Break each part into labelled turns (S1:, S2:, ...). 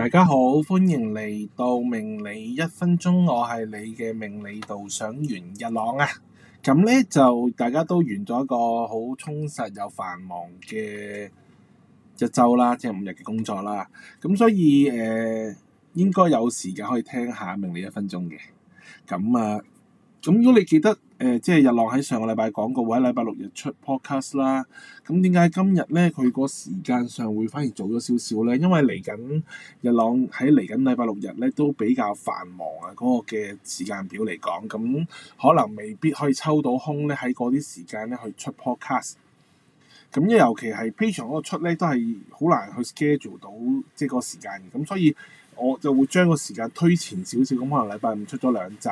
S1: 大家好，歡迎嚟到命理一分鐘，我係你嘅命理導賞員日朗啊。咁呢就大家都完咗一個好充實又繁忙嘅一周啦，即係五日嘅工作啦。咁所以誒，應該有時間可以聽下命理一分鐘嘅。咁啊。咁如果你記得，誒、呃，即係日浪喺上個禮拜講過，會喺禮拜六日出 podcast 啦。咁點解今日咧佢嗰個時間上會反而早咗少少咧？因為嚟緊日浪喺嚟緊禮拜六日咧都比較繁忙啊，嗰、嗰個嘅時間表嚟講，咁可能未必可以抽到空咧喺嗰啲時間咧去出 podcast。咁因為尤其係 Patreon 嗰個出咧，都係好難去 schedule 到即係嗰個時間嘅。咁所以我就會將個時間推前少少，咁可能禮拜五出咗兩集。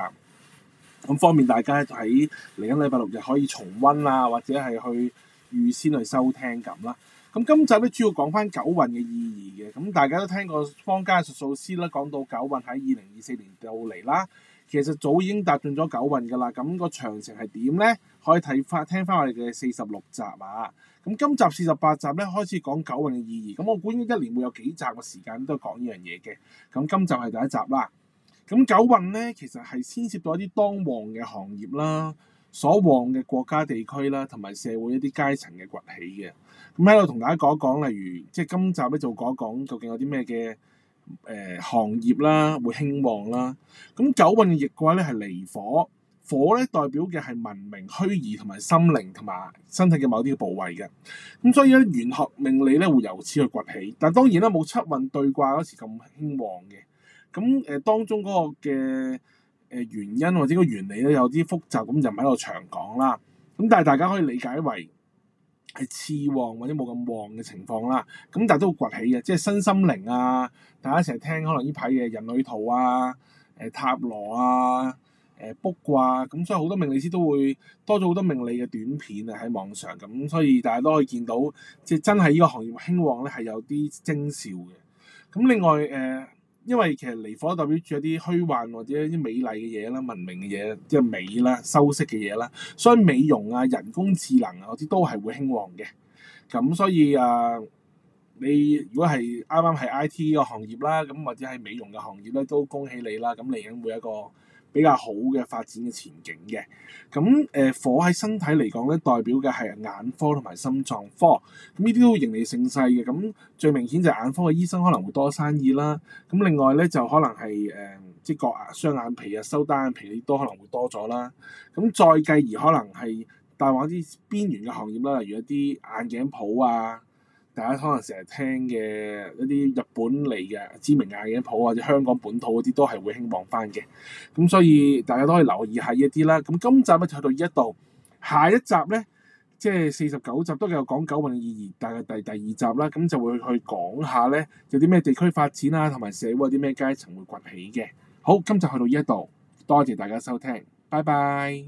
S1: 咁方便大家喺嚟緊禮拜六日可以重溫啦，或者係去預先去收聽咁啦。咁今集咧主要講翻九運嘅意義嘅。咁大家都聽過方家術數師啦，講到九運喺二零二四年到嚟啦。其實早已經踏進咗九運噶啦。咁個詳情係點咧？可以睇翻聽翻我哋嘅四十六集啊。咁今集四十八集咧開始講九運嘅意義。咁我估一年會有幾集嘅時間都係講呢樣嘢嘅。咁今集係第一集啦。咁九運咧，其實係牽涉到一啲當旺嘅行業啦，所旺嘅國家地區啦，同埋社會一啲階層嘅崛起嘅。咁喺度同大家講一講，例如即係今集咧就講一講，究竟有啲咩嘅誒行業啦會興旺啦。咁九運嘅易卦咧係離火，火咧代表嘅係文明、虛擬同埋心靈同埋身體嘅某啲部位嘅。咁所以咧，玄學命理咧會由此去崛起，但係當然啦，冇七運對卦嗰時咁興旺嘅。咁誒當中嗰個嘅誒原因或者個原理咧有啲複雜，咁就唔喺度長講啦。咁但係大家可以理解為係次旺或者冇咁旺嘅情況啦。咁但係都會崛起嘅，即係身心靈啊！大家成日聽可能呢排嘅人類圖啊、誒塔羅啊、誒卜卦啊，咁所以好多命理師都會多咗好多命理嘅短片啊喺網上。咁所以大家都可以見到，即係真係呢個行業興旺咧係有啲徵兆嘅。咁另外誒。呃因為其實離火代表住一啲虛幻或者一啲美麗嘅嘢啦，文明嘅嘢，即係美啦、修飾嘅嘢啦，所以美容啊、人工智能啊嗰啲都係會興旺嘅。咁所以誒、呃，你如果係啱啱係 IT 個行業啦，咁或者係美容嘅行業咧，都恭喜你啦！咁嚟緊會有一個比較好嘅發展嘅前景嘅，咁、呃、誒火喺身體嚟講咧，代表嘅係眼科同埋心臟科，咁呢啲都盈利盛世嘅，咁最明顯就眼科嘅醫生可能會多生意啦，咁另外咧就可能係誒、呃、即係割雙眼皮啊收單眼皮都可能會多咗啦，咁再繼而可能係帶旺啲邊緣嘅行業啦，例如一啲眼鏡鋪啊。大家可能成日聽嘅一啲日本嚟嘅知名眼鏡鋪，或者香港本土嗰啲都係會興旺翻嘅。咁所以大家都可以留意下一啲啦。咁今集咧就去到呢一度，下一集咧即係四十九集都繼續講九運意義，但係第第二集啦，咁就會去講下咧有啲咩地區發展啊，同埋社會有啲咩階層會崛起嘅。好，今集去到呢一度，多謝大家收聽，拜拜。